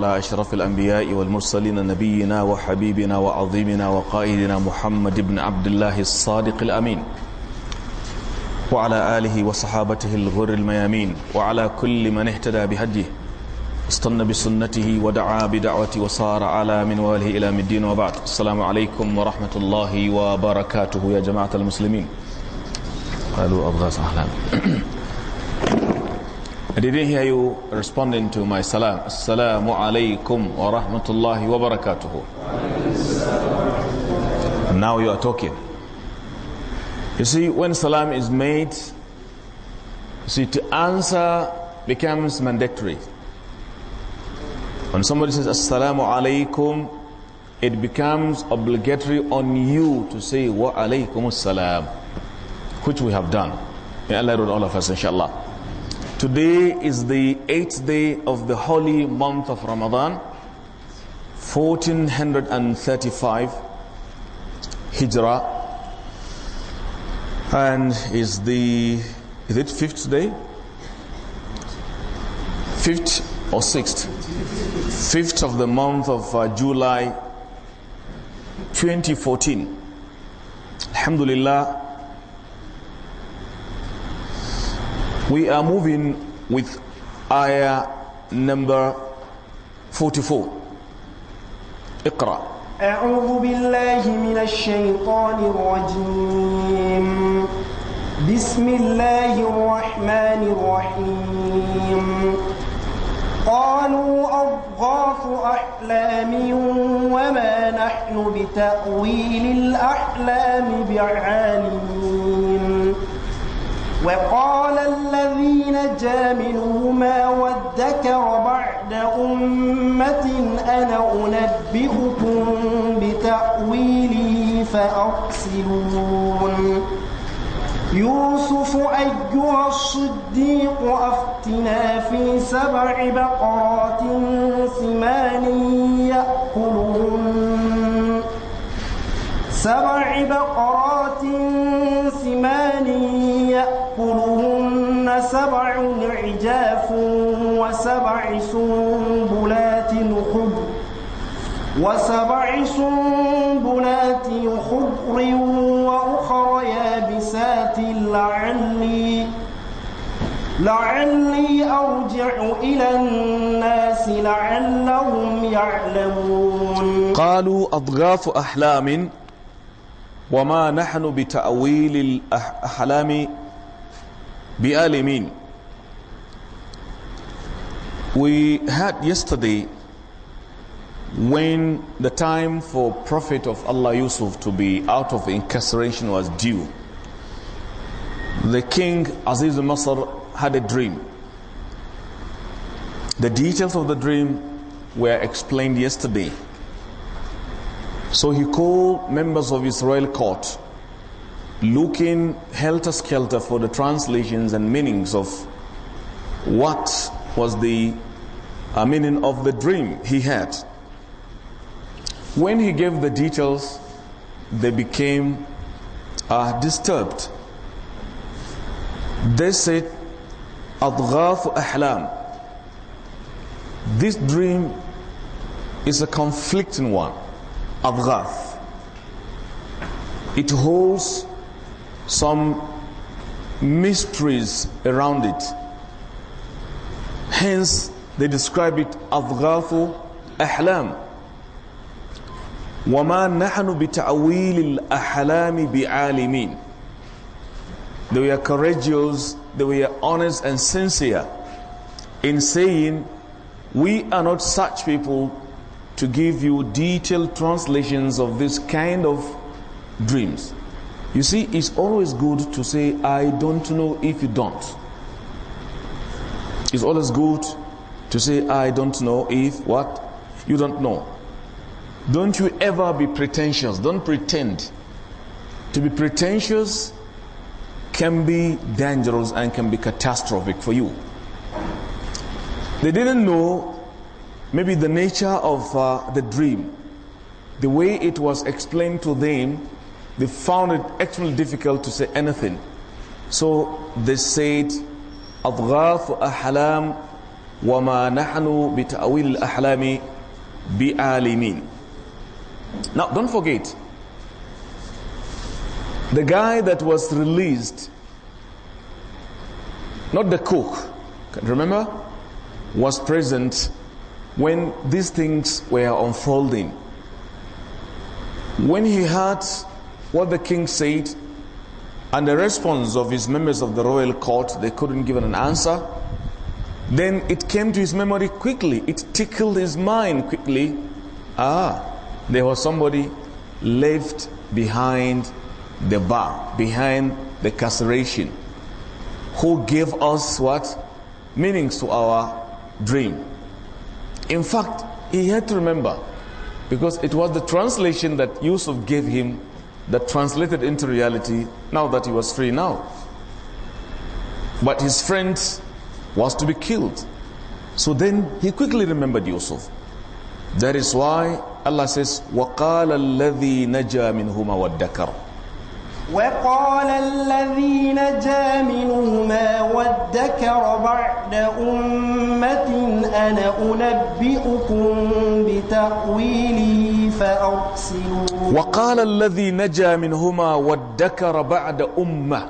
على أشرف الأنبياء والمرسلين نبينا وحبيبنا وعظيمنا وقائدنا محمد بن عبد الله الصادق الأمين وعلى آله وصحابته الغر الميامين وعلى كل من اهتدى بهديه استنى بسنته ودعا بدعوته وصار على من واله إلى مدين وبعد السلام عليكم ورحمة الله وبركاته يا جماعة المسلمين قالوا أبغى سهلا I didn't hear you responding to my salam. Assalamu alaykum wa rahmatullahi wa barakatuhu. now you are talking. You see, when salam is made, see, to answer becomes mandatory. When somebody says Assalamu alaykum, it becomes obligatory on you to say Wa alaykum assalam, which we have done. May Allah reward all of us, inshallah. Today is the eighth day of the holy month of Ramadan, 1435 Hijrah, and is the is it fifth day? Fifth or sixth? Fifth of the month of uh, July, 2014. Alhamdulillah. We are moving with ayah number 44. اقرأ أعوذ بالله من الشيطان الرجيم بسم الله الرحمن الرحيم قالوا أضغاث أحلام وما نحن بتأويل الأحلام بعالمين وقال الذين جاء منهما وادكر بعد أمة أنا أنبئكم بتأويله فأرسلون يوسف أيها الصديق أفتنا في سبع بقرات سمان يأكلهن سبع بقرات سمان كلهن سبع عجاف وسبع سنبلات خضر وسبع سنبلات خضر وأخر يابسات لعلي لعلي أرجع إلى الناس لعلهم يعلمون قالوا أضغاف أحلام وما نحن بتأويل الأحلام Bi'alimin. We had yesterday when the time for Prophet of Allah Yusuf to be out of incarceration was due. The king Aziz al-Masr had a dream. The details of the dream were explained yesterday. So he called members of his royal court looking helter skelter for the translations and meanings of what was the uh, meaning of the dream he had. When he gave the details, they became uh, disturbed. They said, Adghafu Ahlam. This dream is a conflicting one. Adghath. It holds some mysteries around it. Hence, they describe it as ghafu ahlam. وما نحن بتأويل الأحلام بعالمين They were courageous, they were honest and sincere in saying, we are not such people to give you detailed translations of this kind of dreams. You see, it's always good to say, I don't know if you don't. It's always good to say, I don't know if what? You don't know. Don't you ever be pretentious. Don't pretend. To be pretentious can be dangerous and can be catastrophic for you. They didn't know maybe the nature of uh, the dream, the way it was explained to them they found it actually difficult to say anything. So they said, أضغاث أحلام وما نحن بتأويل الأحلام بعالمين. Now don't forget, the guy that was released, not the cook, remember, was present when these things were unfolding. When he heard what the king said and the response of his members of the royal court, they couldn't give an answer. Then it came to his memory quickly. It tickled his mind quickly. Ah, there was somebody left behind the bar, behind the carceration, who gave us what? Meanings to our dream. In fact, he had to remember because it was the translation that Yusuf gave him that translated into reality now that he was free now. But his friend was to be killed. So then he quickly remembered Yusuf. That is why Allah says, وَقَالَ الَّذِي نَجَى مِنْهُمَا وَادَّكَرُ وقال الذين جاء منهما وادكر بعد أمة أنا أنبئكم بتأويله فأرسلون وقال الذي نجا منهما وادكر بعد أمة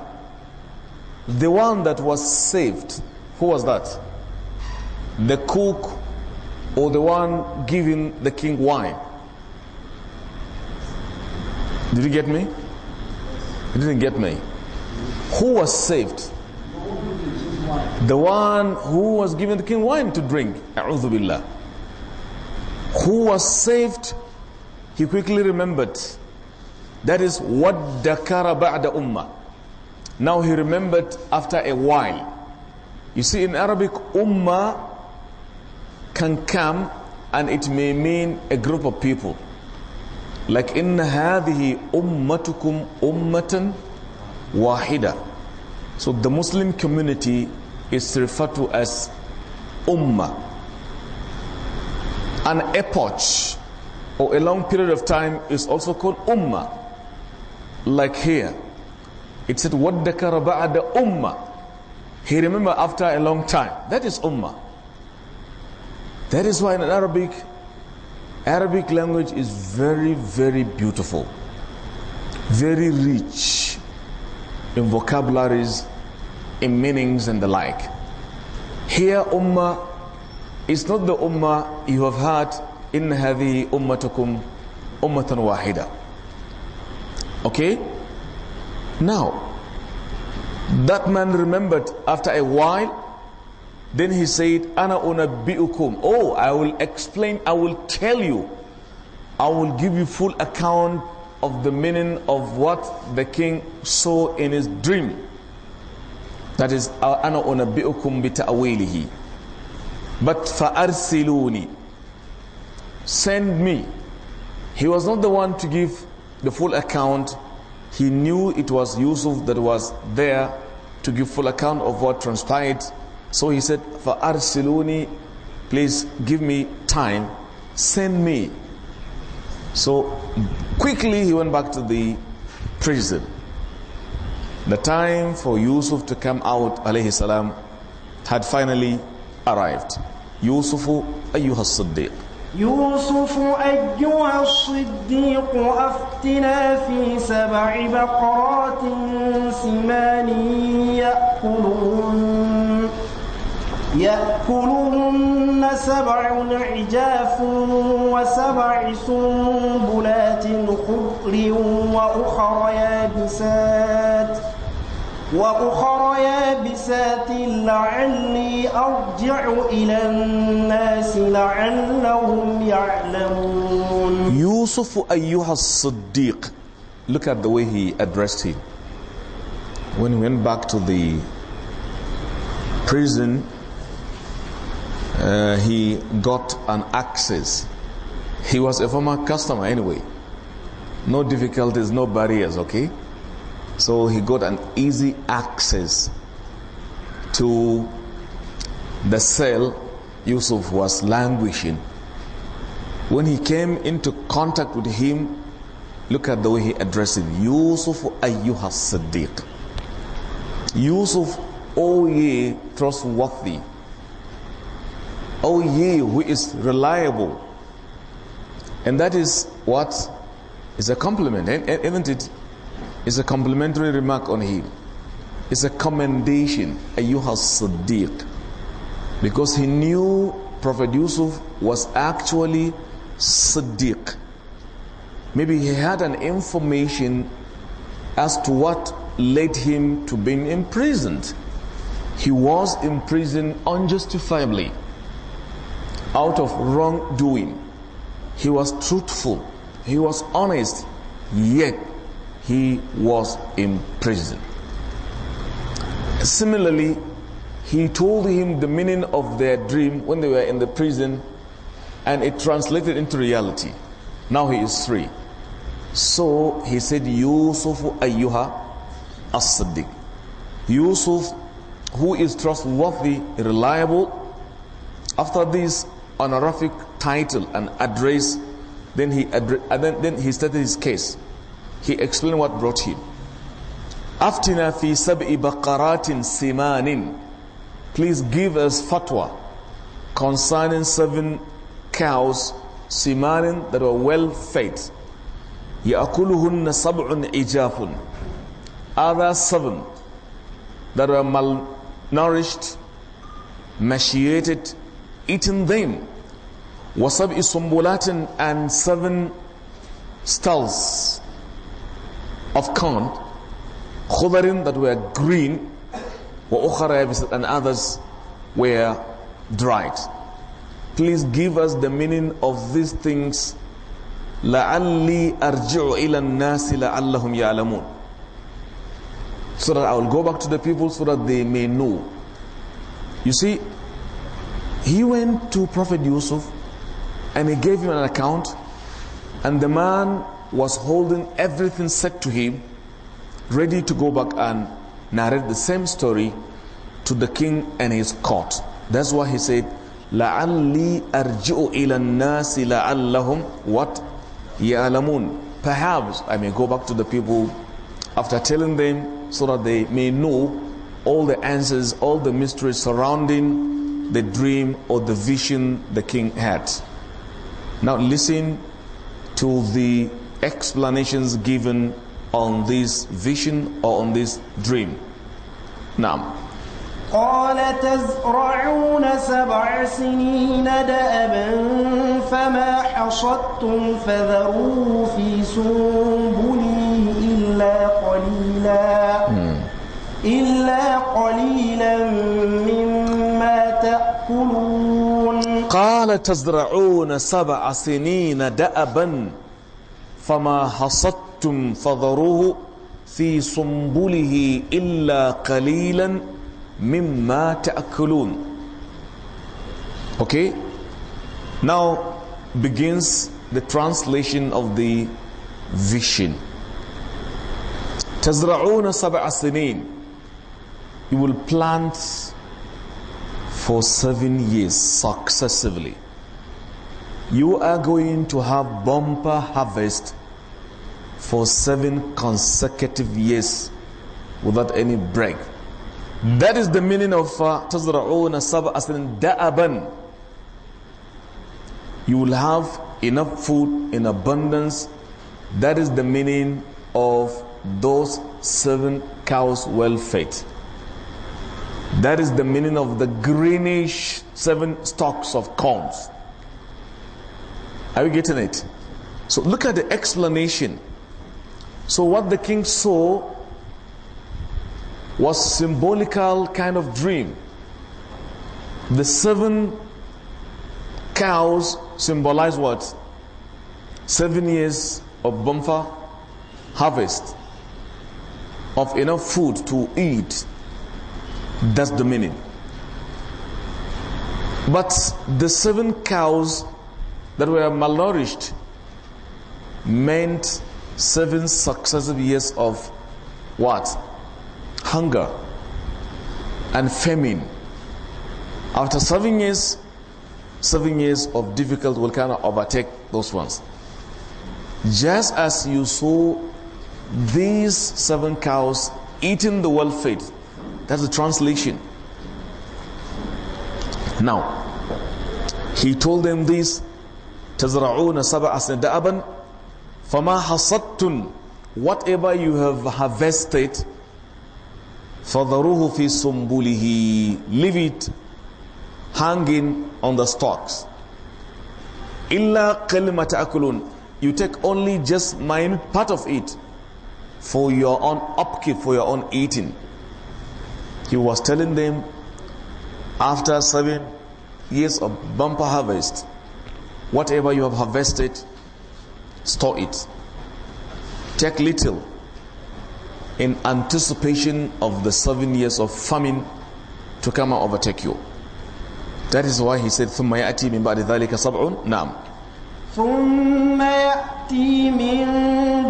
The one that was saved, who was that? The cook or the one giving the king wine? Did you get me? You didn't get me. Who was saved? The one who was given the king wine to drink. billah. Who was saved? He quickly remembered. That is what dakara ba'da umma Now he remembered after a while. You see, in Arabic, umma can come and it may mean a group of people like in هذه ummatukum ummatan wahida. So the Muslim community is referred to as Ummah. An epoch or a long period of time is also called Ummah. Like here, it said, What the Karaba'ada Ummah. He remembered after a long time. That is Ummah. That is why in Arabic Arabic language is very, very beautiful, very rich in vocabularies, in meanings, and the like. Here, Ummah is not the Ummah you have heard in hadi Ummatukum, Ummatan Wahida. Okay? Now, that man remembered after a while then he said, Ana biukum? Oh, I will explain, I will tell you. I will give you full account of the meaning of what the king saw in his dream. That is, Ana biukum bita'awilihi. But fa'arsiluni. Send me. He was not the one to give the full account. He knew it was Yusuf that was there to give full account of what transpired so he said, "For فَأَرْسِلُونِي Please give me time. Send me. So quickly he went back to the prison. The time for Yusuf to come out, alayhi salam, had finally arrived. Yusuf, أيها Yusuf, يوسف أيها الصديق أفتنا في سبع بقرات سمان يأكلون يأكلهن سبع عجاف وسبع سنبلات خضر وأخر يابسات وأخر يابسات لعلي أرجع إلى الناس لعلهم يعلمون يوسف أيها الصديق Look at the way he addressed him. When he went back to the prison, uh, he got an access. He was a former customer anyway. No difficulties, no barriers, okay? So he got an easy access to the cell Yusuf was languishing. When he came into contact with him, look at the way he addressed him. Yusuf ayyuha siddiq. Yusuf, O oh ye trustworthy O ye who is reliable. And that is what is a compliment, isn't it? It's a complimentary remark on him. It's a commendation, Ayyuha Siddiq. Because he knew Prophet Yusuf was actually Siddiq. Maybe he had an information as to what led him to being imprisoned. He was imprisoned unjustifiably out of wrongdoing. He was truthful. He was honest. Yet he was in prison. Similarly, he told him the meaning of their dream when they were in the prison and it translated into reality. Now he is free. So he said, Yusuf ayyuha as-siddiq. Yusuf, who is trustworthy, reliable. After this, honorific title and address. Then he, addre- then, then he stated his case. He explained what brought him. Aftina fi sab'i baqaratin simanin. Please give us fatwa concerning seven cows simanin that were well fed. akuluhun sabun إجاف other seven that were malnourished, machiated, eaten them. Wasab is sumbulatin and seven stalls of corn, khudarin that were green, wa and others were dried. Please give us the meaning of these things. لَعَلِّي أَرْجِعُ إِلَى النَّاسِ لَعَلَّهُمْ يَعْلَمُونَ So that I will go back to the people so that they may know. You see, he went to Prophet Yusuf and he gave him an account and the man was holding everything said to him ready to go back and narrate the same story to the king and his court. That's why he said, لَعَلِّي أَرْجِعُ إِلَى النَّاسِ لَعَلَّهُمْ What? alamun. Perhaps I may go back to the people after telling them so that they may know all the answers, all the mysteries surrounding the dream or the vision the king had. Now listen to the explanations given on this vision or on this dream. Now. قال تزرعون سبع سنين دأبا فما حصدتم فذروه في سنبله إلا قليلا hmm. إلا قليلا من تأكلون قال تزرعون سبع سنين دأبا فما حصدتم فذروه في سنبله إلا قليلا مما تأكلون Okay? Now begins the translation of the vision. تزرعون سبع سنين You will plant for seven years successively, you are going to have bumper harvest for seven consecutive years without any break. That is the meaning of تَزْرَعُونَ سَبْعَ دَأَبًا You will have enough food in abundance. That is the meaning of those seven cows well fed. That is the meaning of the greenish seven stalks of corns. Are you getting it? So look at the explanation. So what the king saw was symbolical kind of dream. The seven cows symbolize what? Seven years of bumper harvest of enough food to eat that's the meaning. But the seven cows that were malnourished meant seven successive years of what? Hunger and famine. After seven years, seven years of difficult will kind of overtake those ones. Just as you saw these seven cows eating the well fed that's the translation. Now, he told them this, تَزْرَعُونَ سَبْعَ سَنْدَأَبًا فَمَا حَصَدْتُمْ Whatever you have harvested, فَذَرُوهُ فِي سُمْبُلِهِ Leave it hanging on the stalks. إِلَّا قَلْمَ تَأْكُلُونَ You take only just minute part of it for your own upkeep, for your own eating. He was telling them after seven years of bumper harvest, whatever you have harvested, store it. Take little in anticipation of the seven years of famine to come and overtake you. That is why he said, ثُمَّ يَأْتِي مِنْ بَعْدِ ذَلِكَ سَبْعٌ نَعْمٌ ثم يأتي من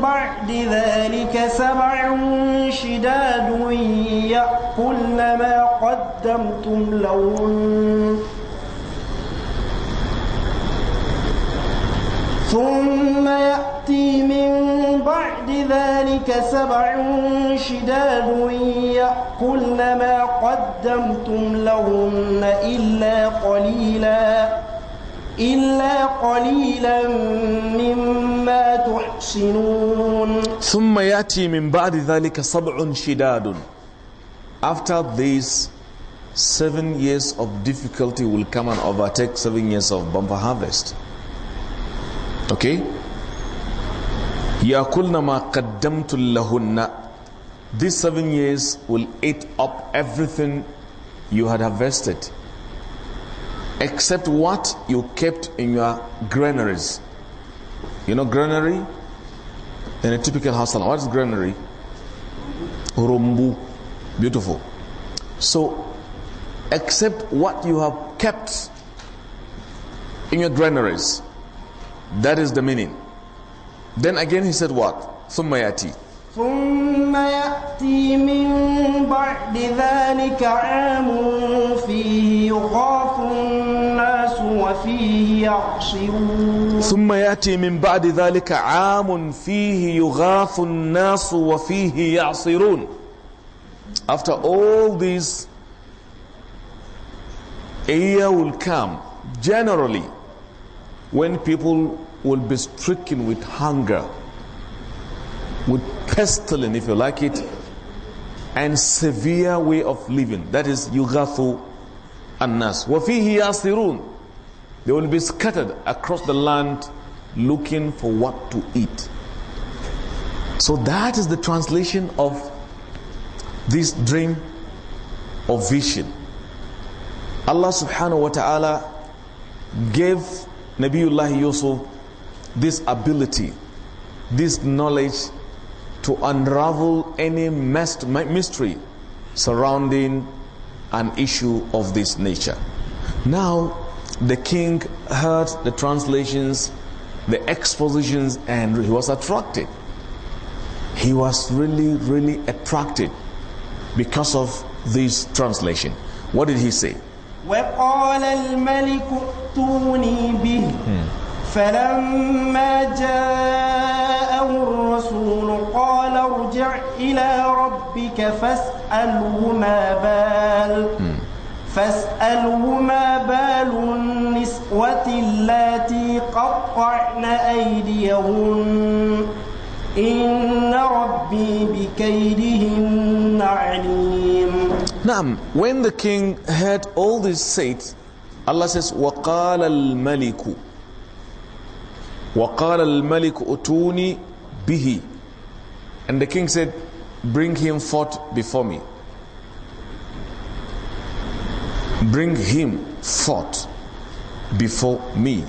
بعد ذلك سبع شداد يأكلن ما قدمتم لهن ثم يأتي من بعد ذلك سبع شداد يأكلن ما قدمتم لهن إلا قليلاً إلا قليلا مما تحسنون ثم يأتي من بعد ذلك سبع شداد After this seven years of difficulty will come and overtake seven years of bumper harvest. Okay? يَأْكُلْنَ مَا قَدَّمْتُ لَهُنَّ These seven years will eat up everything you had harvested. except what you kept in your granaries. You know granary? In a typical household, what is granary? Rumbu. Beautiful. So, except what you have kept in your granaries. That is the meaning. Then again he said what? Thummayati. ثم يأتي من بعد ذلك عام فيه يخاف الناس وفيه يعصرون ثم يأتي من بعد ذلك عام فيه يغاث الناس وفيه يعصرون After all this, a year will come generally when people will be stricken with hunger with pestilence, if you like it, and severe way of living. That is yugathu annas. Wafihi yasirun. They will be scattered across the land looking for what to eat. So that is the translation of this dream or vision. Allah subhanahu wa ta'ala gave Nabiullah Yusuf this ability, this knowledge to unravel any mystery surrounding an issue of this nature. Now, the king heard the translations, the expositions, and he was attracted. He was really, really attracted because of this translation. What did he say? الرسول قال ارجع إلى ربك فاسأله ما بال فاسأله ما بال النسوة اللاتي قطعن أيديهن إن ربي بكيدهن عليم نعم when the king heard all this said, Allah says, وَقَالَ الْمَلِكُ وَقَالَ الْمَلِكُ أُتُونِي Be he, And the king said, Bring him forth before me. Bring him forth before me.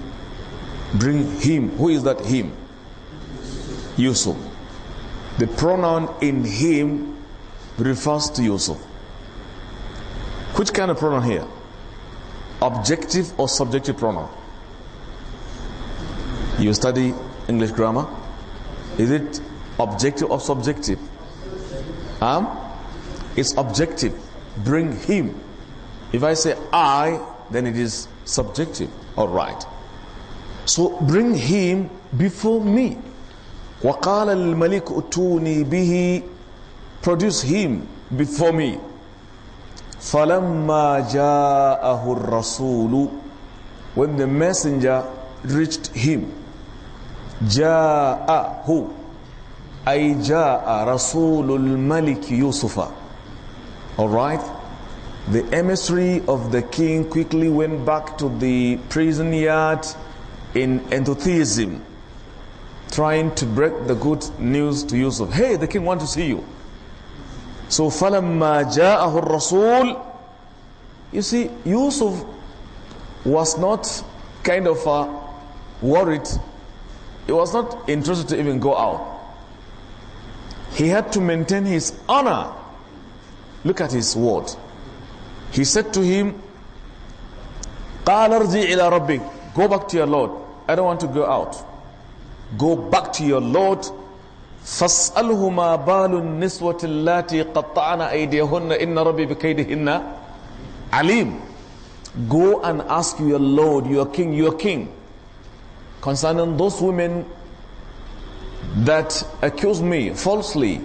Bring him. Who is that him? Yusuf. The pronoun in him refers to Yusuf. Which kind of pronoun here? Objective or subjective pronoun? You study English grammar? Is it objective or subjective? Um, it's objective. Bring him. If I say I, then it is subjective. All right. So bring him before me. وقال الملك اتوني به produce him before me فلما جاءه الرسول when the messenger reached him جاءه أي جاء رسول الملك يوسف Alright The emissary of the king quickly went back to the prison yard in enthusiasm trying to break the good news to Yusuf. Hey, the king wants to see you. So فَلَمَّا جَاءَهُ الرَّسُولُ You see, Yusuf was not kind of uh, worried he was not interested to even go out. He had to maintain his honor. Look at his word. He said to him, Go back to your Lord. I don't want to go out. Go back to your Lord. فاسألهما بال النسوة اللاتي قطعن أيديهن إن ربي بكيدهن عليم Go and ask your Lord, your King, your King concerning those women that accuse me falsely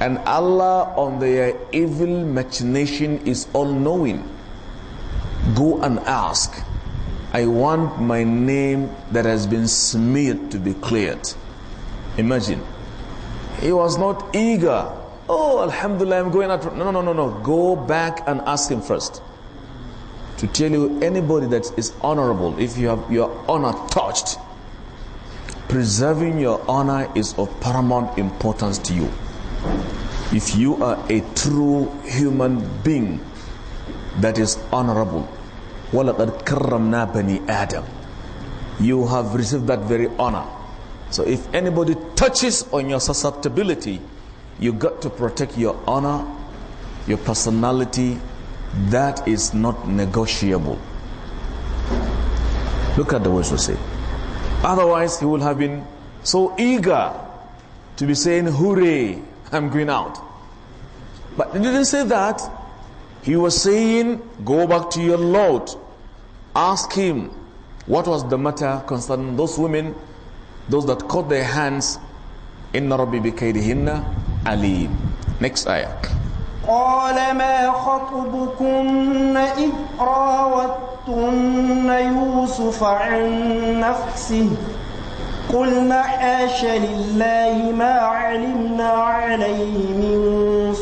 and Allah on their evil machination is all knowing go and ask I want my name that has been smeared to be cleared imagine he was not eager oh alhamdulillah I'm going out no no no no go back and ask him first to tell you anybody that is honorable, if you have your honor touched, preserving your honor is of paramount importance to you. If you are a true human being that is honorable, وَلَقَدْ كَرَّمْنَا bani Adam, You have received that very honor. So if anybody touches on your susceptibility, you got to protect your honor, your personality, that is not negotiable. Look at the words we say. Otherwise, he would have been so eager to be saying, Hooray, I'm going out. But he didn't say that. He was saying, Go back to your Lord. Ask him what was the matter concerning those women, those that caught their hands in Rabbi Bikaidihinna Ali. Next ayah. قال ما خطبكن إذ راوتن يوسف عن نفسه قلنا حاش لله ما علمنا عليه من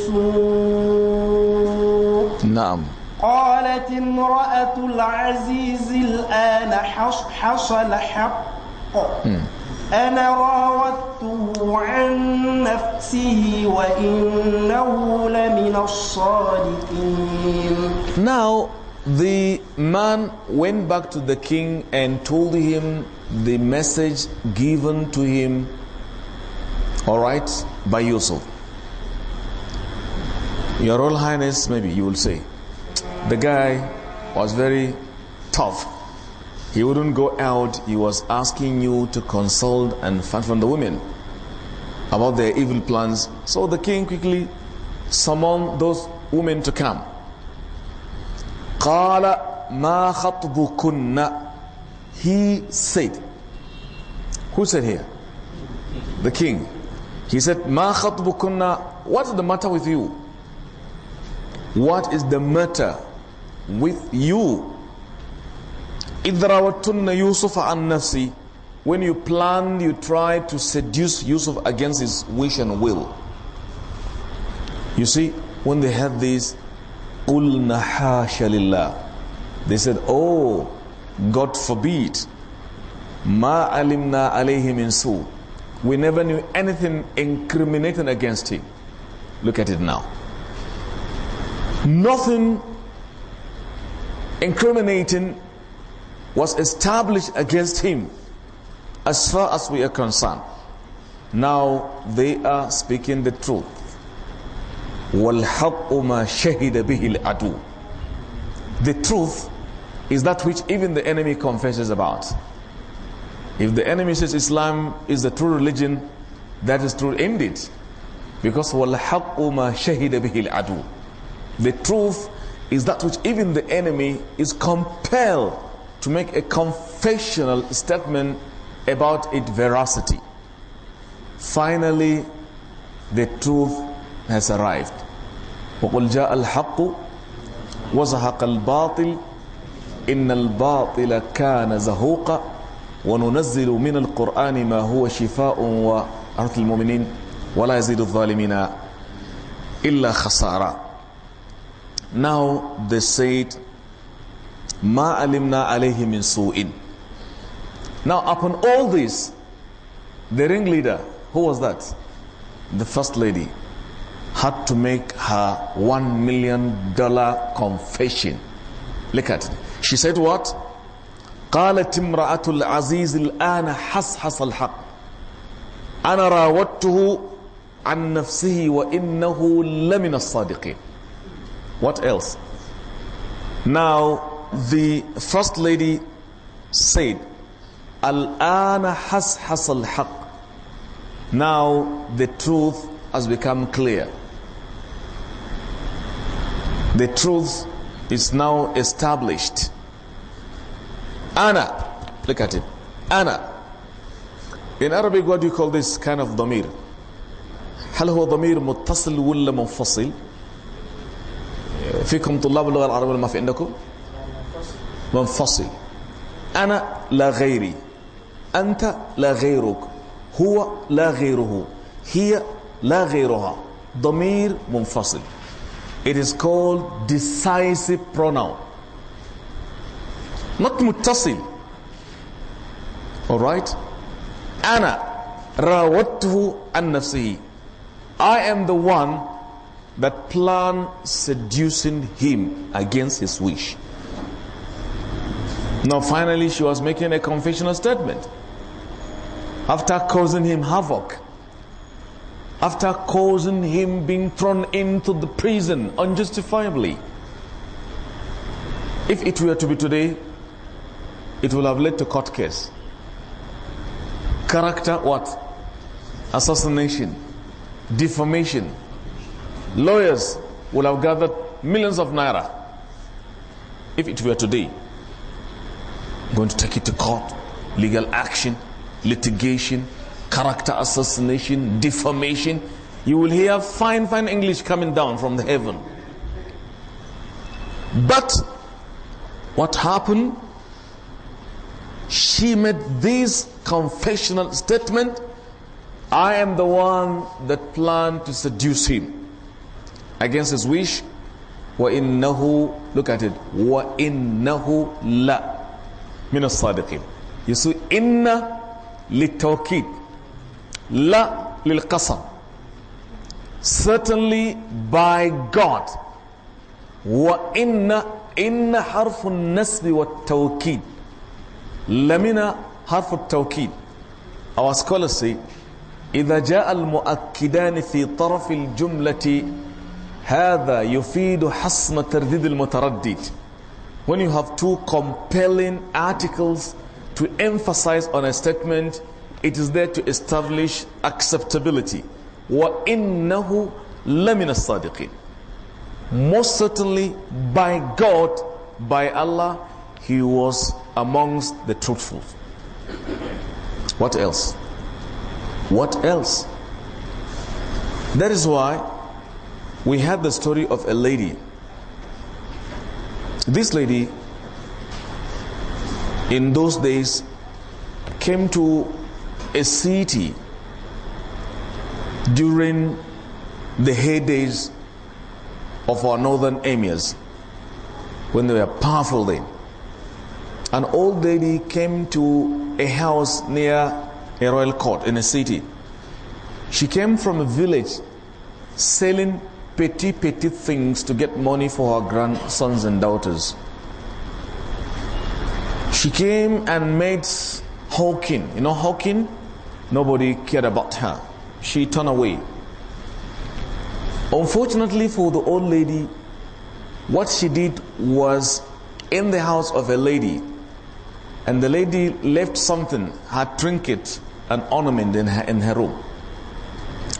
سوء نعم قالت امرأة العزيز الآن حصل حق م. أنا راودته عن نفسه وإنه لمن الصادقين Now the man went back to the king and told him the message given to him all right by Yusuf Your Royal Highness maybe you will say the guy was very tough he wouldn't go out. He was asking you to consult and find from the women about their evil plans. So the king quickly summoned those women to come. قال ما خطبكن He said. Who said here? The king. He said, ما خطبكن What's the matter with you? What is the matter with you? Idrawattunna Yusuf an nafsi. When you plan, you try to seduce Yusuf against his wish and will. You see, when they had this, Ulna hasha They said, Oh, God forbid. Ma alimna alayhim in su. We never knew anything incriminating against him. Look at it now. Nothing incriminating was established against him as far as we are concerned. Now they are speaking the truth. The truth is that which even the enemy confesses about. If the enemy says Islam is the true religion, that is true indeed. Because The truth is that which even the enemy is compelled to make a confessional statement about its veracity. Finally, the truth has arrived. وَقُلْ جَاءَ الْحَقُّ وَزَهَقَ الْبَاطِلِ إِنَّ الْبَاطِلَ كَانَ زَهُوقًا وننزل من القرآن ما هو شفاء وأرض المؤمنين ولا يزيد الظالمين إلا خسارة Now they said ma alimna alayhi min su'in. Now, upon all this, the ringleader, who was that? The first lady, had to make her one million dollar confession. Look at it. She said what? قالت امرأة العزيز الآن حصحص الحق أنا راودته عن نفسه وإنه لمن الصادقين What else? Now the first lady said, Al-ana has al-haq. Now the truth has become clear. The truth is now established. Anna, look at it. Anna. In Arabic, what do you call this kind of domir? هل هو ضمير متصل ولا منفصل؟ فيكم طلاب اللغة العربية ما في عندكم؟ منفصل أنا لا غيري أنت لا غيرك هو لا غيره هي لا غيرها ضمير منفصل It is called decisive pronoun not متصل alright أنا راودته عن نفسه I am the one that planned seducing him against his wish Now, finally, she was making a confessional statement. After causing him havoc, after causing him being thrown into the prison unjustifiably, if it were to be today, it will have led to court case. Character what? Assassination, defamation. Lawyers will have gathered millions of naira if it were today going to take it to court, legal action, litigation, character assassination, defamation. You will hear fine, fine English coming down from the heaven. But what happened? She made this confessional statement I am the one that planned to seduce him against his wish. nahu, Look at it. nahu la. من الصادقين يسوع إن للتوكيد لا للقسم certainly by God وإن إن حرف النسب والتوكيد لمن حرف التوكيد Our scholars say إذا جاء المؤكدان في طرف الجملة هذا يفيد حصن ترديد المتردد when you have two compelling articles to emphasize on a statement, it is there to establish acceptability. وَإِنَّهُ لَمِنَ الصَّادِقِينَ Most certainly, by God, by Allah, he was amongst the truthful. What else? What else? That is why we had the story of a lady this lady in those days came to a city during the heydays of our northern emirs when they were powerful then. An old lady came to a house near a royal court in a city. She came from a village selling petty, petty things to get money for her grandsons and daughters. She came and made hawking. You know hawking? Nobody cared about her. She turned away. Unfortunately for the old lady, what she did was in the house of a lady, and the lady left something, her trinket, an ornament in her, in her room.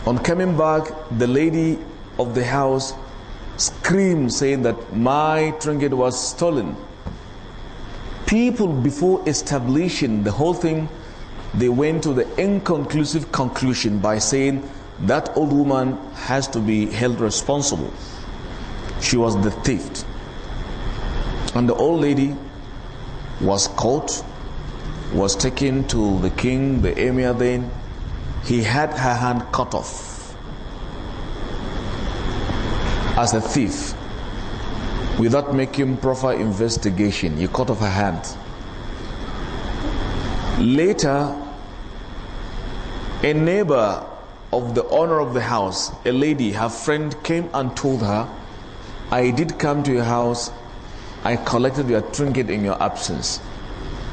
On coming back, the lady of the house screamed saying that my trinket was stolen. People before establishing the whole thing, they went to the inconclusive conclusion by saying that old woman has to be held responsible. She was the thief. And the old lady was caught, was taken to the king, the emir then. He had her hand cut off as a thief without making proper investigation. You cut off her hand. Later, a neighbor of the owner of the house, a lady, her friend came and told her, I did come to your house. I collected your trinket in your absence.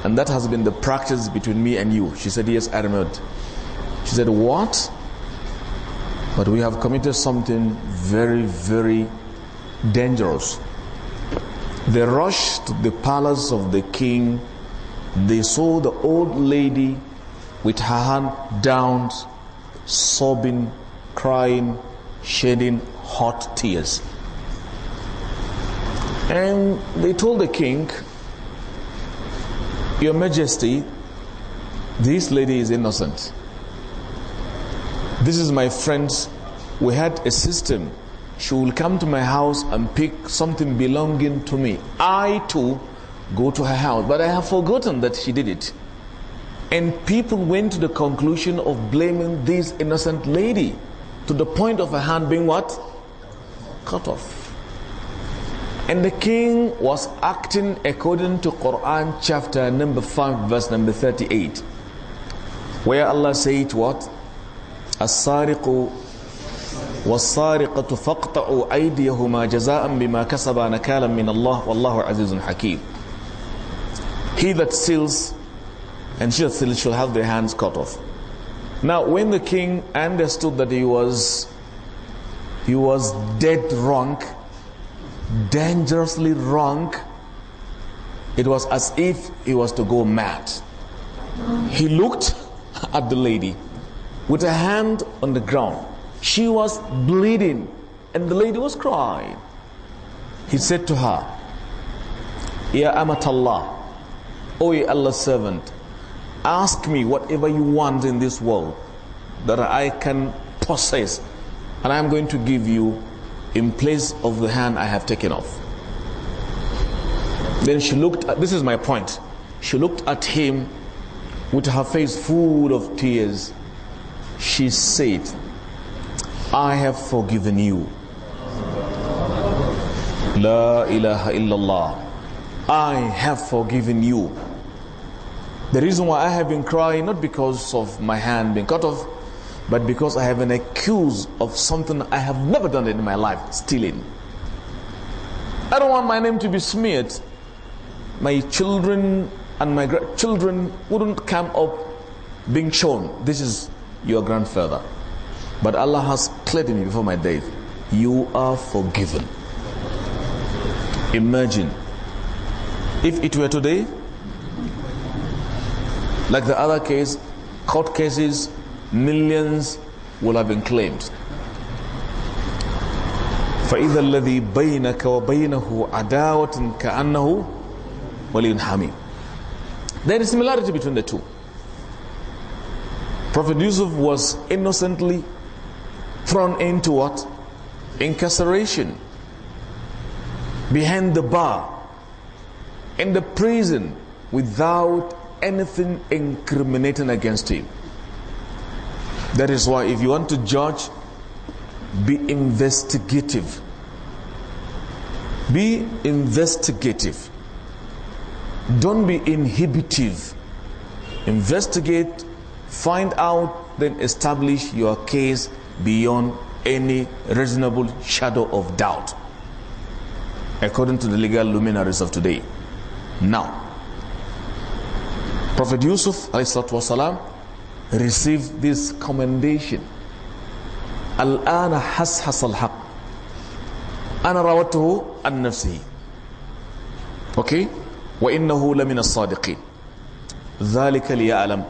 And that has been the practice between me and you. She said, Yes, I remembered. She said, What? But we have committed something very, very dangerous. They rushed to the palace of the king. They saw the old lady with her hand down, sobbing, crying, shedding hot tears. And they told the king, Your Majesty, this lady is innocent. This is my friends. We had a system. She will come to my house and pick something belonging to me. I too go to her house, but I have forgotten that she did it. And people went to the conclusion of blaming this innocent lady to the point of her hand being what? Cut off. And the king was acting according to Quran chapter number 5 verse number 38 where Allah said what السارق والسارقة فاقطعوا أيديهما جزاء بما كسبا نكالا من الله والله عزيز حكيم He that steals and she that steals shall have their hands cut off. Now when the king understood that he was he was dead wrong, dangerously wrong, it was as if he was to go mad. He looked at the lady with her hand on the ground. She was bleeding and the lady was crying. He said to her, Ya Amatallah, O ye Allah's servant, ask me whatever you want in this world that I can possess, and I am going to give you in place of the hand I have taken off. Then she looked at, this is my point. She looked at him with her face full of tears she said, I have forgiven you. La ilaha illallah. I have forgiven you. The reason why I have been crying, not because of my hand being cut off, but because I have been accused of something I have never done in my life stealing. I don't want my name to be smeared. My children and my grandchildren wouldn't come up being shown. This is your grandfather. But Allah has cleared me before my death. You are forgiven. Imagine if it were today, like the other case, court cases, millions will have been claimed. فإذا الذي بينك وبينه عداوة كأنه ولي حميم. There is similarity between the two. Prophet Yusuf was innocently thrown into what? Incarceration. Behind the bar. In the prison without anything incriminating against him. That is why if you want to judge, be investigative. Be investigative. Don't be inhibitive. Investigate Find out, then establish your case beyond any reasonable shadow of doubt, according to the legal luminaries of today. Now, Prophet Yusuf والسلام, received this commendation. الآن حسحس الحق أنا راودته عن نفسه okay وإنه لمن الصادقين ذلك ليعلم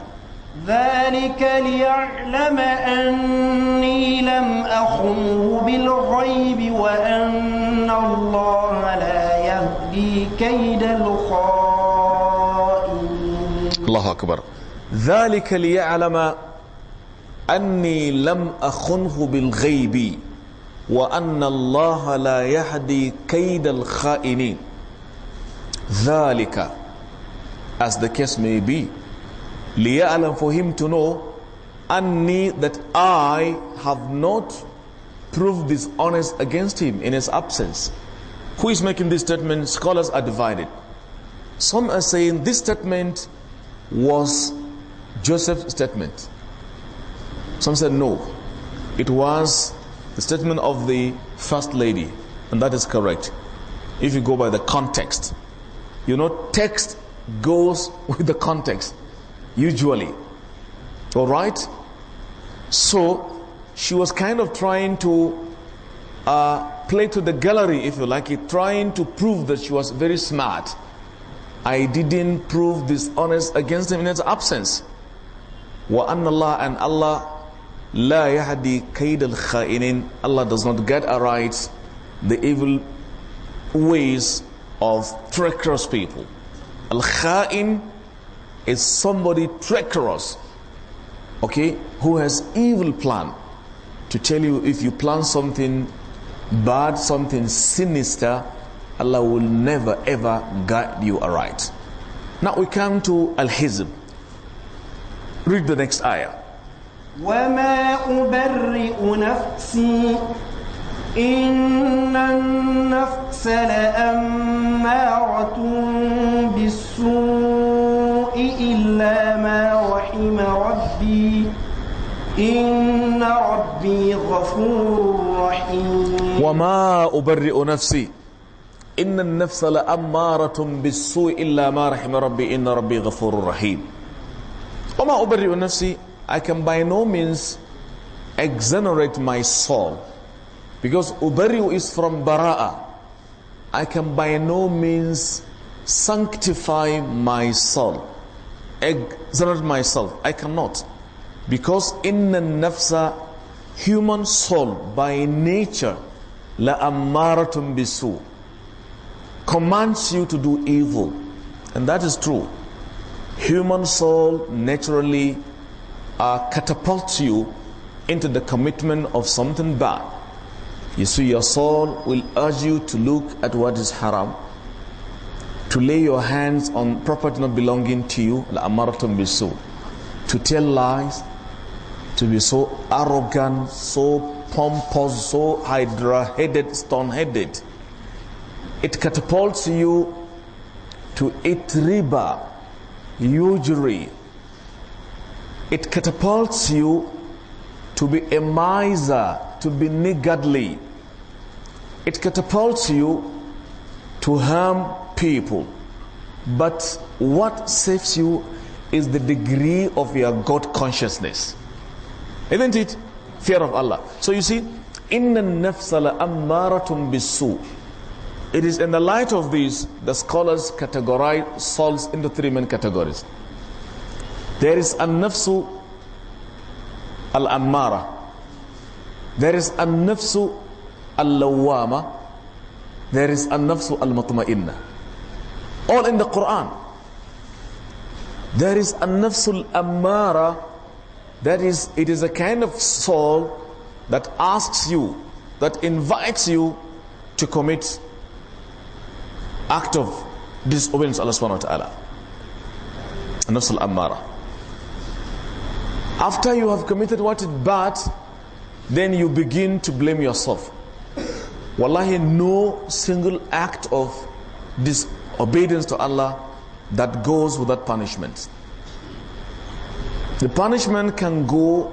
ذلك ليعلم أني لم أخنه بالغيب وأن الله لا يهدي كيد الخائن الله أكبر ذلك ليعلم أني لم أخنه بالغيب وأن الله لا يهدي كيد الخائنين ذلك as the case may be لِيَعْلَمْ For him to know أَنِّي That I have not proved dishonest against him in his absence. Who is making this statement? Scholars are divided. Some are saying this statement was Joseph's statement. Some said no. It was the statement of the first lady, and that is correct. If you go by the context, you know, text goes with the context usually. All right? So she was kind of trying to uh, play to the gallery, if you like it, trying to prove that she was very smart. I didn't prove dishonest against him in his absence. Wa اللَّهَ and Allah la yahdi kaid al Allah does not get aright the evil ways of treacherous people. Al-kha'in is somebody treacherous, okay, who has evil plan to tell you if you plan something bad, something sinister, Allah will never ever guide you aright. Now we come to Al-Hizb. Read the next ayah. وَمَا أُبَرِّئُ نَفْسِي إِنَّ النَّفْسَ لَأَمَّارَةٌ بِالسُّوءِ إلا ما رحم ربي إن ربي غفور رحيم وما أبرئ نفسي إن النفس لأمارة بالسوء إلا ما رحم ربي إن ربي غفور رحيم وما أبرئ نفسي I can by no means exonerate my soul because أبرئ is from براءة I can by no means sanctify my soul exert myself. I cannot. Because in the nafsa, human soul by nature, la ammaratun bisu, commands you to do evil. And that is true. Human soul naturally uh, catapults you into the commitment of something bad. You see, your soul will urge you to look at what is haram to lay your hands on property not belonging to you, لأمرتم بالسوء. To tell lies, to be so arrogant, so pompous, so hydra-headed, stone-headed. It catapults you to eat riba, usury. It catapults you to be a miser, to be niggardly. It catapults you to harm people. But what saves you is the degree of your God consciousness. Isn't it? Fear of Allah. So you see, in inna nafsala ammaratun bisu. It is in the light of this the scholars categorize souls into three main categories. There is an nafsu al ammara. There is an nafsu al lawama. There is an nafsu al mutma'inna. All in the Quran. There is a nafsul ammara. That is, it is a kind of soul that asks you, that invites you to commit act of disobedience Allah subhanahu wa ta'ala. Nafsul ammara. After you have committed what is bad, then you begin to blame yourself. Wallahi, no single act of disobedience obedience to Allah that goes without punishment. The punishment can go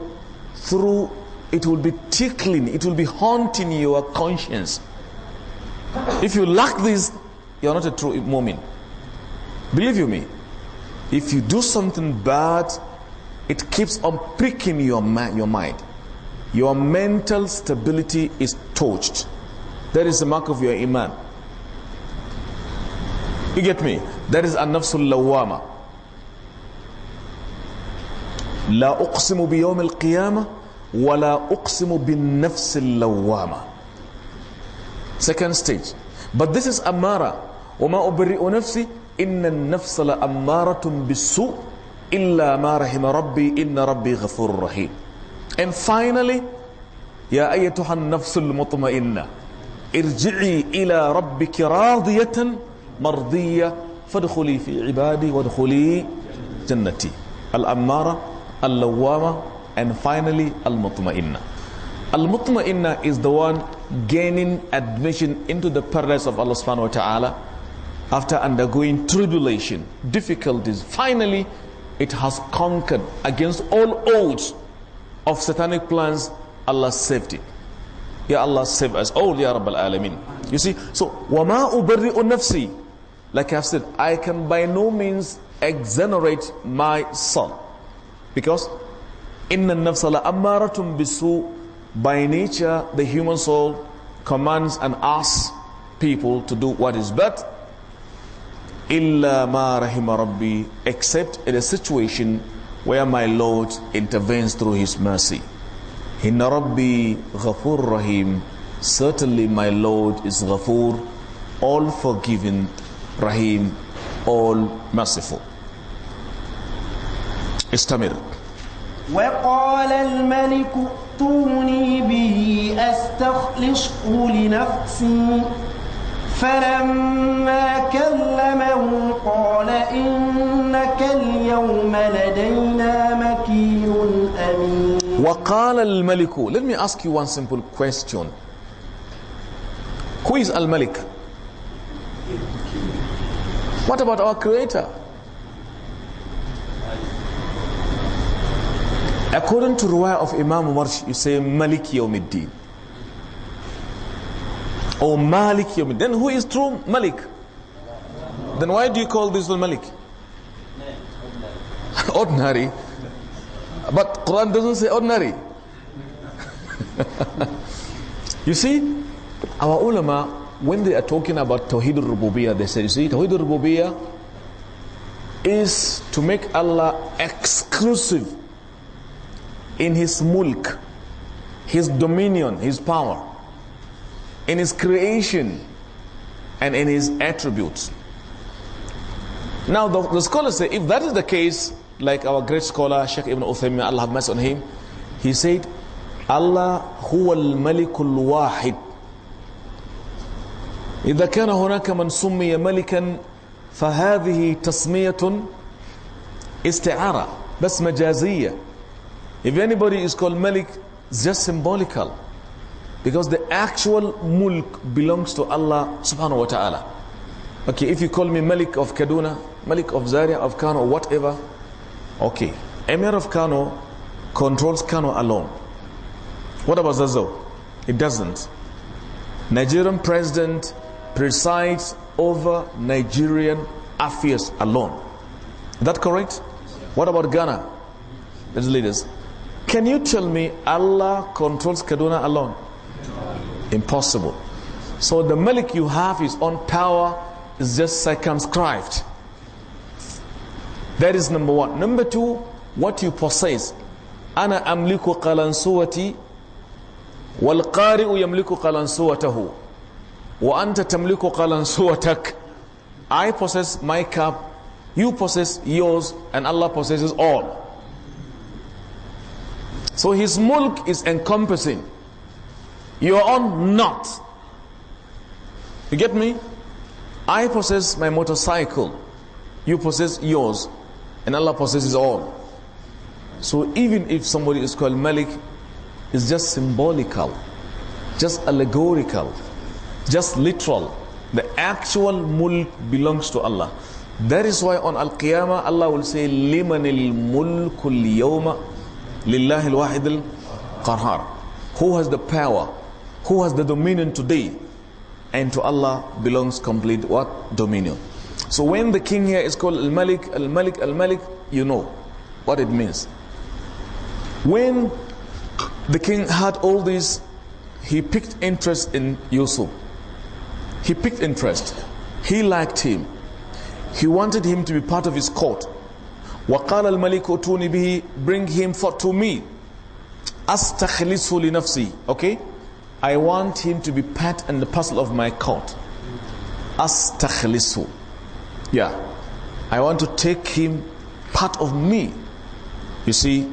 through, it will be tickling, it will be haunting your conscience. If you lack this, you're not a true Mormon. Believe you me, if you do something bad, it keeps on pricking your, your mind. Your mental stability is torched. That is the mark of your Iman. You get me? That is النفس اللوامة. لا أقسم بيوم القيامة ولا أقسم بالنفس اللوامة. Second stage. But this is أمارة. وما أبرئ نفسي إن النفس لأمارة بالسوء إلا ما رحم ربي إن ربي غفور رحيم. And finally, يا أيتها النفس المطمئنة ارجعي إلى ربك راضية مرضية فادخلي في عبادي وادخلي جنتي الأمارة اللوامة and finally المطمئنة المطمئنة is the one gaining admission into the paradise of Allah subhanahu wa ta'ala after undergoing tribulation, difficulties. Finally, it has conquered against all odds of satanic plans. Allah saved it. Ya Allah, save us all, Ya Rabbal Alameen. You see, so, وَمَا أُبَرِّئُ نَفْسِي like I've said, I can by no means exonerate my son. Because Inna nafsala ammaratun bisu by nature the human soul commands and asks people to do what is bad. Illa ma rahima rabbi except in a situation where my Lord intervenes through his mercy. Inna rabbi ghafur rahim certainly my Lord is ghafur all forgiving رحيم اول مصفو استمر وقال الملك ائتوني به استخلصه لنفسي فلما كلمه قال انك اليوم لدينا مكين امين وقال الملك let me ask you one simple question who is al-malik What about our Creator? According to Ruwaya of Imam Umar, you say Malik Yawmiddin. Or oh, Malik Then who is true Malik? Then why do you call this one Malik? ordinary. But Quran doesn't say ordinary. you see, our ulama when they are talking about Tawheed al-Rububiyyah, they say, you see, Tawheed al-Rububiyyah is to make Allah exclusive in His mulk, His dominion, His power, in His creation, and in His attributes. Now, the, the scholars say, if that is the case, like our great scholar, Sheikh Ibn Uthaymeen, Allah have mercy on him, he said, Allah huwa al al wahid إذا كان هناك من سمي ملكا فهذه تسمية استعارة بس مجازية If anybody is called Malik, it's just symbolical. Because the actual mulk belongs to Allah subhanahu wa ta'ala. Okay, if you call me Malik of Kaduna, Malik of Zaria, of Kano, whatever, okay. Emir of Kano controls Kano alone. What about Zazo? It doesn't. Nigerian president presides over Nigerian affairs alone. Is that correct? What about Ghana? Let's leaders. Can you tell me Allah controls Kaduna alone? Impossible. So the Malik you have, his own power is just circumscribed. That is number one. Number two, what you possess. أنا أملك قلنسوتي والقارئ يملك قلنسوته وَأَنْتَ تَمْلِكُ قَلَنْسُوَتَكَ I possess my cup, you possess yours, and Allah possesses all. So His mulk is encompassing. Your own not. You get me? I possess my motorcycle, you possess yours, and Allah possesses all. So even if somebody is called Malik, it's just symbolical, just allegorical just literal. The actual mulk belongs to Allah. That is why on Al Qiyamah Allah will say, Limanil mulkul yawma lillahi al qarhar. Who has the power? Who has the dominion today? And to Allah belongs complete what? Dominion. So when the king here is called Al Malik, Al Malik, Al Malik, you know what it means. When the king had all this, he picked interest in Yusuf. He picked interest. He liked him. He wanted him to be part of his court. وَقَالَ الْمَلِكُ أُتُونِ بِهِ Bring him for to me. أَسْتَخْلِصُ لِنَفْسِي Okay? I want him to be part and the parcel of my court. أَسْتَخْلِصُ Yeah. I want to take him part of me. You see?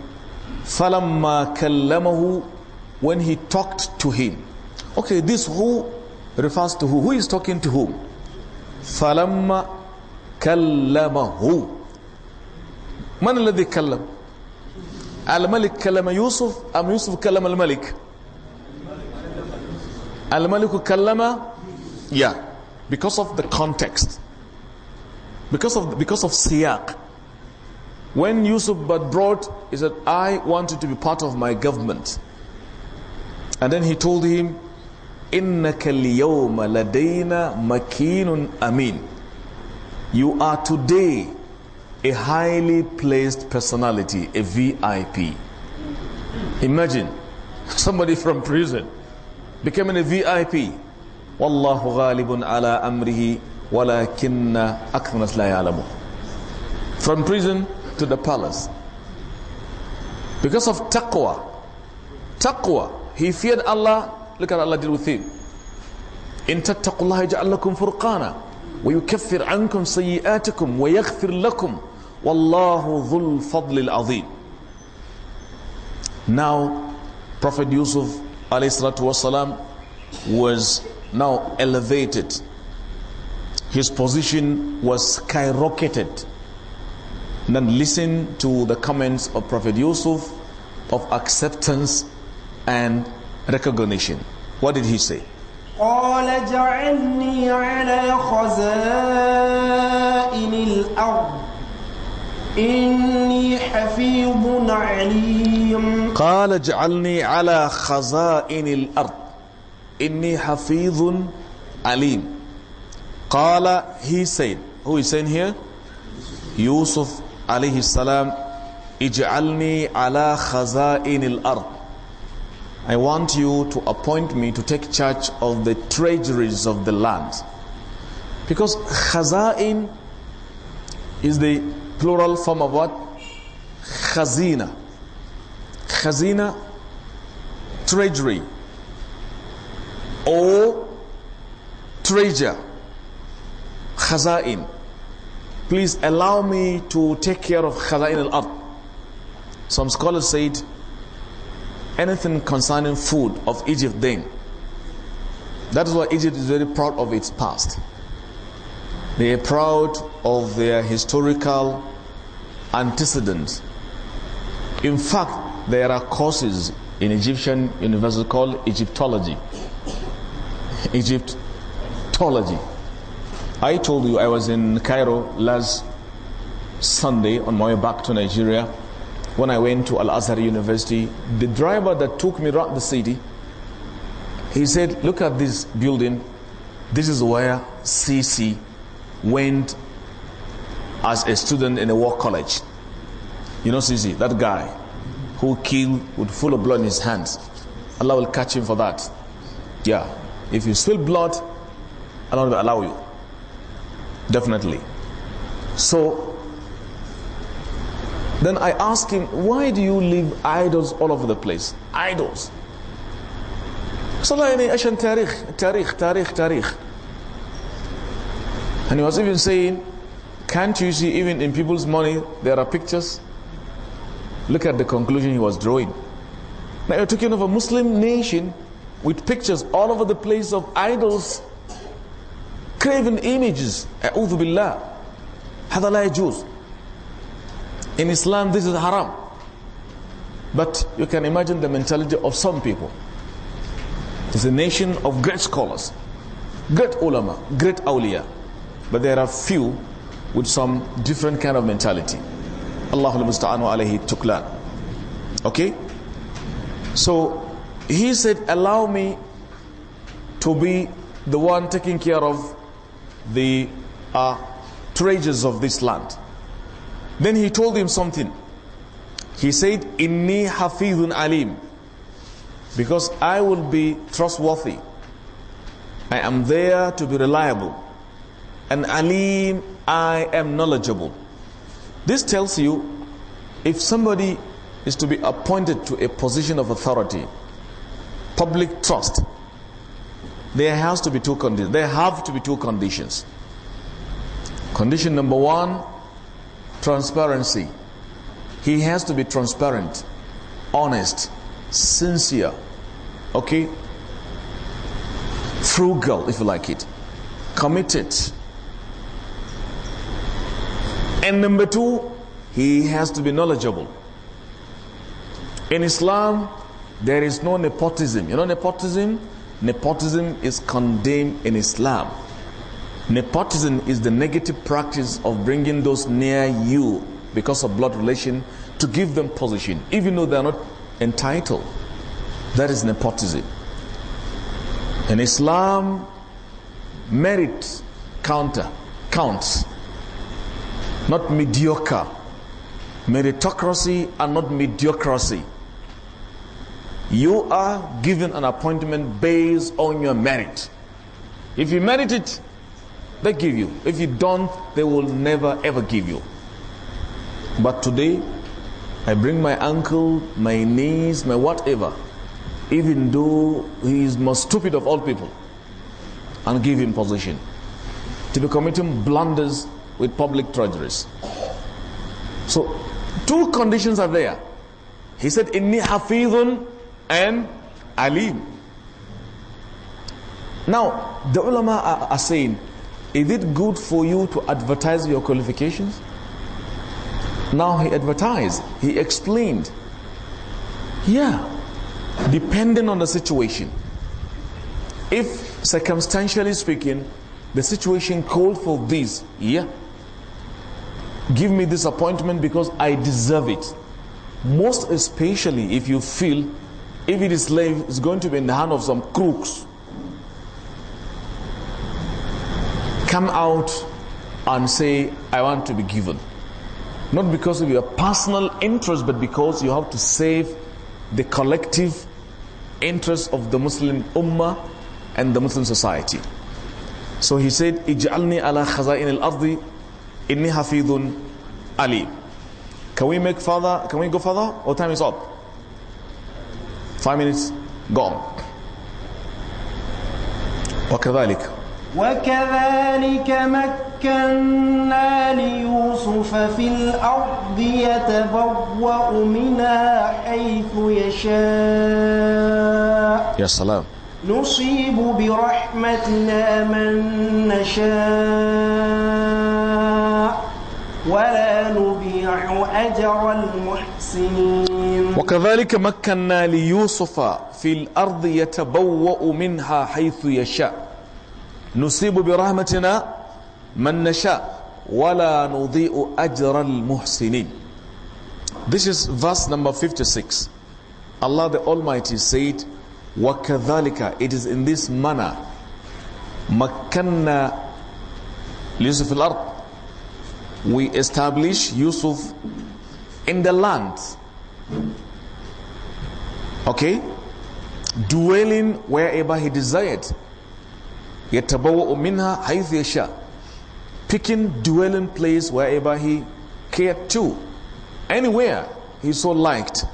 فَلَمَّا كَلَّمَهُ When he talked to him. Okay, this who refers to who? Who is talking to whom? فَلَمَّ كَلَّمَهُ مَنَالَذِكْلَمَ كَلَّمَهُ من الذي كلم الملك كلم يوسف أم يوسف كلم الملك الملك كلم yeah because of the context because of because of siyaq when Yusuf but brought he said I wanted to be part of my government and then he told him إنك اليوم لدينا makinun Amin. You are today a highly placed personality, a VIP. Imagine somebody from prison becoming a VIP. Wallahu غالب Ala Amrihi, ولكن أكثر الناس لا From prison to the palace. Because of taqwa. Taqwa. He feared Allah Look at Allah did إن تتقوا الله يجعل لكم فرقانا ويكفر عنكم سيئاتكم ويغفر لكم والله ذو الفضل العظيم. Now, Prophet Yusuf عليه الصلاة والسلام, was now elevated. His position was skyrocketed. Then listen to the comments of Prophet Yusuf of acceptance and recognition. What did he say? قال اجعلني على خزائن الأرض إني حفيظ عليم قال اجعلني على خزائن الأرض إني حفيظ عليم قال he said who is saying here يوسف عليه السلام اجعلني على خزائن الأرض I want you to appoint me to take charge of the treasuries of the land. Because khaza'in is the plural form of what? Khazina. Khazina, treasury. Or treasure. Khaza'in. Please allow me to take care of khaza'in al-ard. Some scholars said anything concerning food of Egypt then. That is why Egypt is very proud of its past. They are proud of their historical antecedents. In fact, there are courses in Egyptian university called Egyptology. Egyptology. I told you I was in Cairo last Sunday on my way back to Nigeria when I went to Al Azhar University, the driver that took me around the city, he said, Look at this building. This is where CC went as a student in a war college. You know, CC, that guy who killed with full of blood in his hands. Allah will catch him for that. Yeah. If you spill blood, Allah will allow you. Definitely. So then I asked him, why do you leave idols all over the place? Idols. and he was even saying can't you see even in people's money there are pictures look at the conclusion he was drawing now you're talking of a Muslim nation with pictures all over the place of idols craven images A'udhu billah, Hadalai Jews. In Islam, this is haram. But you can imagine the mentality of some people. It's a nation of great scholars, great ulama, great awliya. But there are few with some different kind of mentality. Allahul Musta'anu alayhi tuklan. Okay? So he said, allow me to be the one taking care of the uh, treasures of this land. Then he told him something. He said, Inni hafidun alim. Because I will be trustworthy. I am there to be reliable. And alim, I am knowledgeable. This tells you if somebody is to be appointed to a position of authority, public trust, there has to be two conditions. There have to be two conditions. Condition number one, transparency. He has to be transparent, honest, sincere, okay? Frugal, if you like it, committed. And number two, he has to be knowledgeable. In Islam, there is no nepotism. You know nepotism? Nepotism is condemned in Islam. Nepotism is the negative practice of bringing those near you because of blood relation to give them position, even though they are not entitled. That is nepotism. In Islam, merit counter counts, not mediocre. Meritocracy and not mediocrity. You are given an appointment based on your merit. If you merit it, they give you. If you don't, they will never ever give you. But today, I bring my uncle, my niece, my whatever, even though he is most stupid of all people, and give him position to be committing blunders with public treasuries. So, two conditions are there. He said, Inni hafidun and alim. Now, the ulama are, are saying, is it good for you to advertise your qualifications? Now he advertised, he explained. Yeah, depending on the situation. If circumstantially speaking, the situation called for this, yeah, give me this appointment because I deserve it. Most especially if you feel if it is slave, it's going to be in the hand of some crooks come out and say, I want to be given. Not because of your personal interest, but because you have to save the collective interest of the Muslim Ummah and the Muslim society. So he said, Ij'alni ala khazain al-ardi inni hafidun ali. Can we make further? Can we go further? Or time is up? Five minutes gone. وكذلك وكذلك مكنا ليوسف في الأرض يتبوأ منها حيث يشاء يا سلام نصيب برحمتنا من نشاء ولا نضيع أجر المحسنين وكذلك مكنا ليوسف في الأرض يتبوأ منها حيث يشاء نصيب برحمتنا من نشاء ولا نضيء أجر المحسنين This is verse number 56. Allah the Almighty said, وَكَذَلِكَ It is in this manner. مَكَّنَّا لِيُسُفِ الْأَرْضِ We establish Yusuf in the land. Okay? Dwelling wherever he desired yatabawwa'u minha haythu yasha picking dwelling place wherever he cared to anywhere he so liked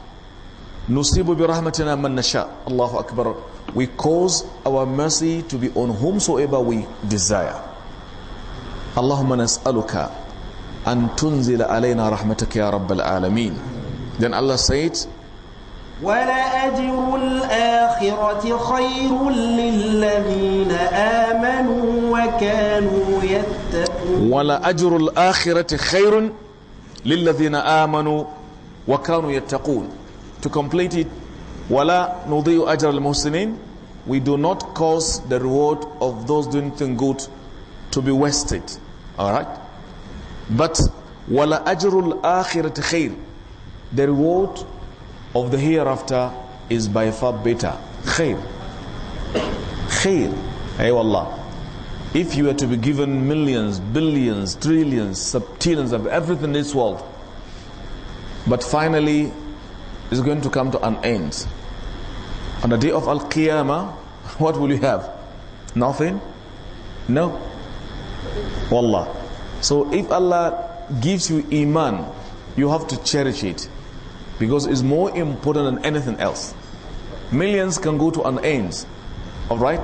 nusibu bi rahmatina man nasha Allahu akbar we cause our mercy to be on whomsoever we desire Allahumma aluka, an tunzila alayna rahmataka ya rabbal alamin then Allah said. ولأجر الآخرة خير للذين آمنوا وكانوا يتقون ولأجر الآخرة خير للذين آمنوا وكانوا يتقون To complete it ولا نضيع أجر المحسنين We do not cause the reward of those doing things good to be wasted. Alright? But وَلَأَجْرُ الْآخِرَةِ خَيْرٌ The reward of the hereafter is by far better. Khair. Khair. Aywallah. If you were to be given millions, billions, trillions, septillions of everything in this world, but finally it's going to come to an end. On the day of Al Qiyamah, what will you have? Nothing? No. Wallah. So if Allah gives you Iman, you have to cherish it because it's more important than anything else. Millions can go to an end. All right?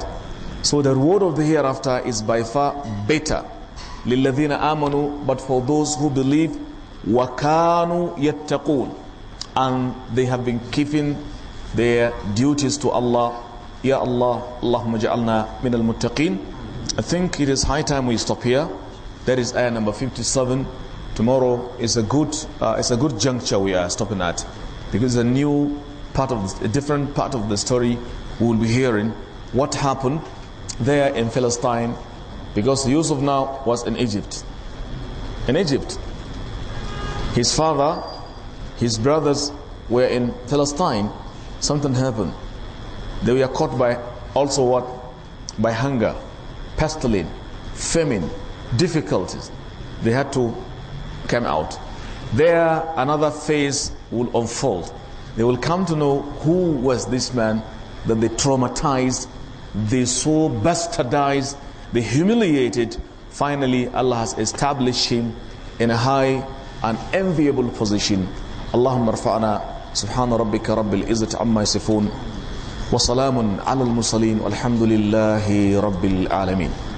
So the reward of the hereafter is by far better. لِلَّذِينَ آمَنُوا But for those who believe, وَكَانُوا يَتَّقُونَ And they have been keeping their duties to Allah. Ya Allah, اللهم جعلنا من المتقين. I think it is high time we stop here. That is ayah number 57 tomorrow is a good uh, it's a good juncture we are stopping at because a new part of a different part of the story we will be hearing what happened there in Palestine because Yusuf now was in Egypt in Egypt his father his brothers were in Palestine something happened they were caught by also what by hunger pestilence famine difficulties they had to came out. There, another phase will unfold. They will come to know who was this man that they traumatized, they so bastardized, they humiliated. Finally, Allah has established him in a high and enviable position. Allahumma rafa'ana subhana rabbika rabbil izzati amma yasifun wa salamun ala al-mursalin walhamdulillahi rabbil alamin.